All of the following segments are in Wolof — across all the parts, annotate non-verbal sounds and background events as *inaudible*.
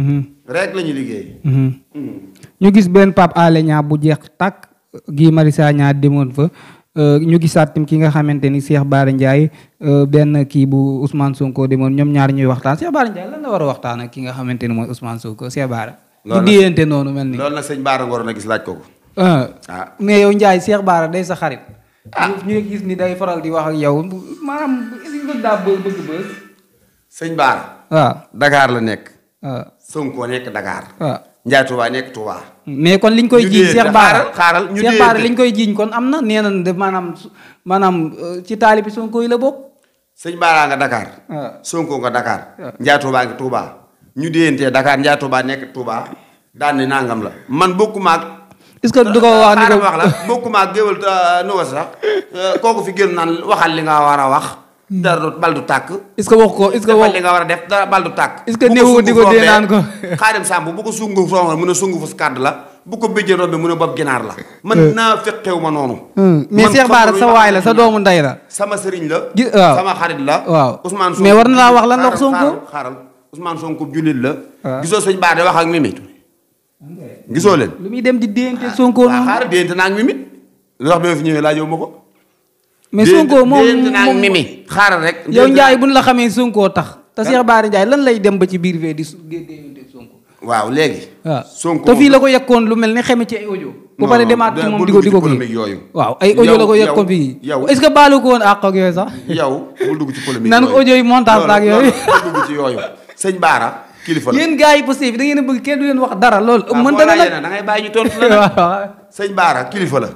Mm-hmm. rek la ñu liggéey. Mm-hmm. Mm-hmm. ñu gis benn Pape Alé Niang bu jeex tàkk Guy Marius ñaar demoon fa euh, ñu gisaat tim ki nga xamante ni seex Bara Ndiaye euh, benn kii bu Ousmane Sonko demoon ñoom ñaar ñuy waxtaan Cheikh Bara war a waxtaan ak ki nga xamante ni mooy Ousmane Sonko Cheikh Bara. loolu di déyante noonu mel ni loolu nag sëñ Bara waroon a gis laaj ko ko. Ah. ah mais yow Ndiaye Cheikh Bara day sa xarit. ah gis ni day faral di wax ak yow maanaam est-ce daa bëgg bëgg bëgg. sëñ Bara. waaw ah. la nekk. Ah. Sonko nekk Dakar. waaw Ndiaye nekk Touba. mais kon liñ koy jiiñ Cheikh Bara xaaral ñu liñ koy jiiñ kon am na nee nañ de maanaam maanaam euh, ci taali bi Sonko yi la bokk. sëñ Bara nga Dakar. waaw Sonko nga Dakar. waaw Ndiaye Touba ngi Touba. ñu déyantee Dakar Ndiaye Touba nekk Touba daan ne nangam la man bokkuma ak. est-ce que du ko wax ni ko wax la bokkuma ak euh, nu euh, waxal li nga war a wax. Hmm. dara bal du tàkk. est-ce que wax ko est-ce que wax war a def dara bal du tàkk. est-ce que néew di ko dee naan ko *laughs* xaadim sàmb bu ko sungu foofu mën a sungu fas kàdd la bu ko béjjee rombe mën a bopp ginaar la. man hmm. naa fekkeew ma noonu. Hmm. mais Cheikh Bara sa waay la sa doomu ndey la. sama sëriñ la. gi waaw sama xarit la. waaw Ousmane Sonko mais war na laa wax lan la wax Sonko xaaral Ousmane Sonko jullit la. waaw ah. gisoo sëñ wax ak gisoo leen. lu muy dem di déyante ah. Sonko noonu. xaaral lu tax bi ma fi ñëwee xaaral rek. yow bu buñ la xamee Sonko tax. te Cheikh Bara Ndiaye lan lay dem ba ci biir fee di su di waaw léegi. waaw te fii la ko yekkoon lu mel ne xeme ci ay audio. bu pare demaat ci moom di ko di ko waaw ay audio la ko yekkoon fii. yow est-ce que baalu ko woon àq ak yooyu sax. yow bul dugg ci polémique yooyu nan audio yi montage la ak yooyu. bul dugg ci yooyu sëñ Bara. kilifa la ngeen bëgg kenn du leen wax dara loolu. Ah, mënta na nag da ngay bàyyi ñu tontu la nag. *laughs* kilifa la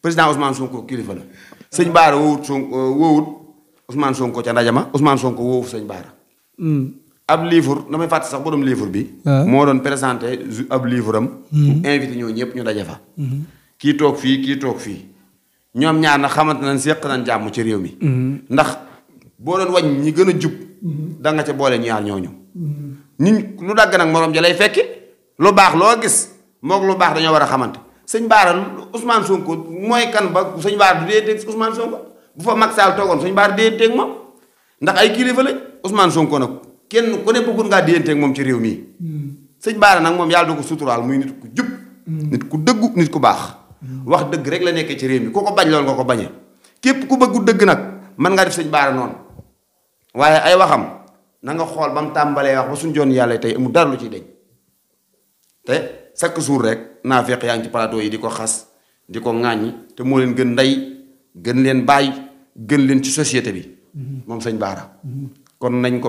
président Ousmane Sonko kilifa la. sëñ Bara wowut Sonko wowut Ousmane Sonko ca ma Ousmane Sonko woowu sëñ Baara. ab livre damay fàtte sax borom livre bi. Ah. moo doon présenté ab livre am. Hmm. mu invité ñoo ñëpp ñu daje fa. Hmm. kii toog fii kii toog fii ñoom ñaar na xamante nañ seq nañ jàmm ci réew mi. Hmm. ndax boo doon wàññi ñi gën a jub. da nga ca boole ñaar ñooñu. ñun lu dagg nag moroom ja lay fekki lu baax loo gis moog lu baax dañoo war a xamante sëñ Baara Ousmane Sonko mooy kan ba sëñ du dee Ousmane Sonko. bu fa Macky Sall toogoon suñu baar déyante ak moom ndax ay kilifa lañ Ousmane Sonko nag kenn ku ne bëggoon ngaa déyante moom ci réew mii sëñ Baara nag moom yàlla da ko suturaal muy nit ku jub nit ku dëggu nit ku baax wax dëgg rek la nekkee ci réew mi ku ko bañ loolu nga ko bañee képp ku bëggu dëgg nag mën nga def sëñ Baara noonu waaye ay waxam na nga xool ba mu tàmbalee wax ba suñ joon yàlla tey amul dara lu ciy deñ te chaque jour rek naa fekk yaa ngi ci plateau yi di ko xas di ko ŋàññi te moo leen gën ndey gën leen bàyyi gën leen ci société bi mm-hmm. moom sëñ Baara kon nañ ko